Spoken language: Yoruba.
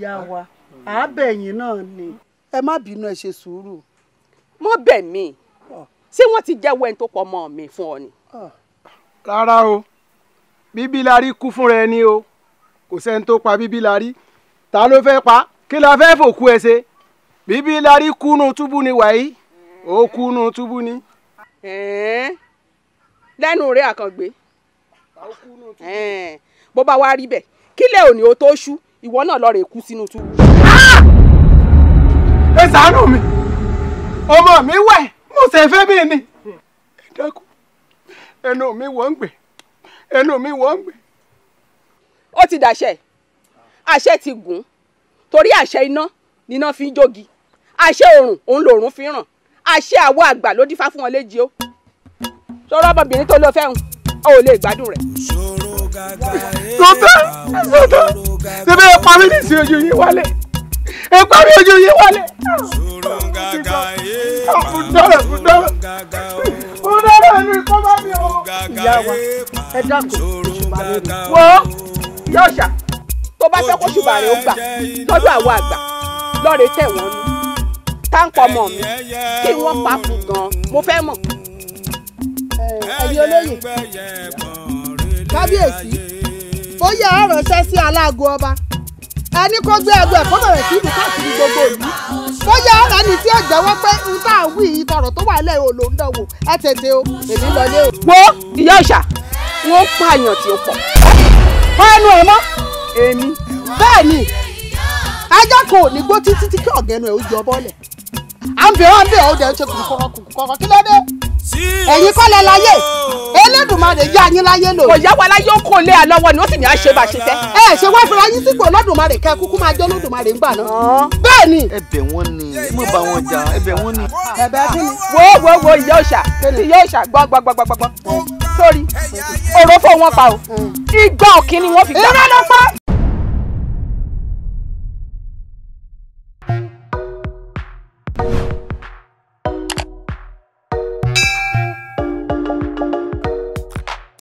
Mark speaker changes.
Speaker 1: ìyá ah. wa àábẹ̀yìn mm. náà ni ẹ má bínú ẹ ṣe sùúrù. mo bẹ̀ mí ah. ṣé wọ́n ti jẹ́wọ́ ẹni tó pọ̀ mọ́ mi fún ọ ni. Ah. rárá o bíbí la rí kú fúnra ẹni o kò sẹ́ni tó pa bíbí la rí ta ló fẹ́ pa kí la fẹ́ fòkú ẹ ṣe bíbí la rí kúnú túbú ni wàyí ó kúnú túbú ni. lẹ́nu rẹ̀ àkàngbé bó bá wá rí bẹ́ẹ̀ kílẹ̀ òní o tó ṣú ìwọ náà lọ rè kú sínú túbú. ẹ ṣàánú mi ọmọ mi wẹ̀ mo ṣe fẹ́ bí ni ẹ dákun ẹnu mi wọ́n ń gbé ẹnu mi wọ́n ń gbé. ó ti dàṣẹ àṣẹ ti gùn torí àṣẹ iná níná fi ń jogi àṣẹ òrùn òun lòrùn fi ń ràn àṣẹ àwọ àgbà ló dífá fún wọn léjì ó sọ̀rọ̀ ọmọbìnrin tó lọ fẹ́hùn ó lè gbádùn rẹ̀. sọ̀tẹ́ sọ̀tẹ́ síbẹ̀ ẹ parí ní sí ojú yín wálé ẹ parí ojú yín wálé. fúdọ́rọ̀ fúdọ́rọ̀ ni kó mi o. ìyá wa ẹ dákun òṣùpá rẹ wọ́n yóò tó bá jẹ́ ṣùgbọ́n rẹ ó gbà lọ́dọ̀ àwọn àgbà lọ́ọ̀rẹ́ tẹ̀ wọ́n ní táǹkọ̀ ọmọ mi kí wọ́n pa fún gan mo fẹ́ mọ̀. ẹ̀yin olóyè kábíyèsí ó yẹ ẹ ránṣẹ́ sí aláàgọ́ ọba ẹni kó gbé ẹgbẹ́ ẹ̀kọ́ bẹ̀rẹ̀ sí ìlú káàkiri gbogbo ìlú ó yẹ ẹ rẹni tí ó jẹ́wọ́ pé n tá à ń wí ìtọ̀rọ̀ tó wà lẹ̀ o ló ń dánwò ẹ tètè o èmi lọ lé o. wo ìyá ìṣà wọn pààyàn tí ó pọ̀ kọ́ ẹnu ẹ̀ mọ́ èmi bẹ́ẹ̀ ni ajá kan ò ní gbó títí tí kí ọ̀gẹ́nu ẹ̀ ó jọ bọ́lẹ̀ à ń bẹ̀rẹ̀ à ń bẹ̀rẹ̀ ó dẹ̀ ń ṣe kùkùkọ̀rọ̀ kùkùkọ̀rọ̀ kí ló dé ẹ̀yin kọ́ láyé Olódùmarè yá yín láyé lò. kò yá wa láyé ó lé àlọ́wọ́ ni ó sì ní àṣẹ bá ṣe fẹ́. ẹ ṣe wá fúnra yín sípò Olódùmarè kẹ kúkú máa jẹ́ Olódùmarè ńgbà náà. bẹ́ẹ̀ ni. ẹ̀bẹ̀ wọn ni mo bá wọn jà ẹ̀bẹ̀ wọn ni. ẹ̀bẹ̀ kí ni. wo wo wo ìyá òòṣà ìyá òòṣà gbọ́ gbọ́ gbọ́ gbọ́ gbọ́ sórí òròfó wọn pa o mm. igbá òkín ni wọ́n fi gbà. ìrẹ́lẹ́pá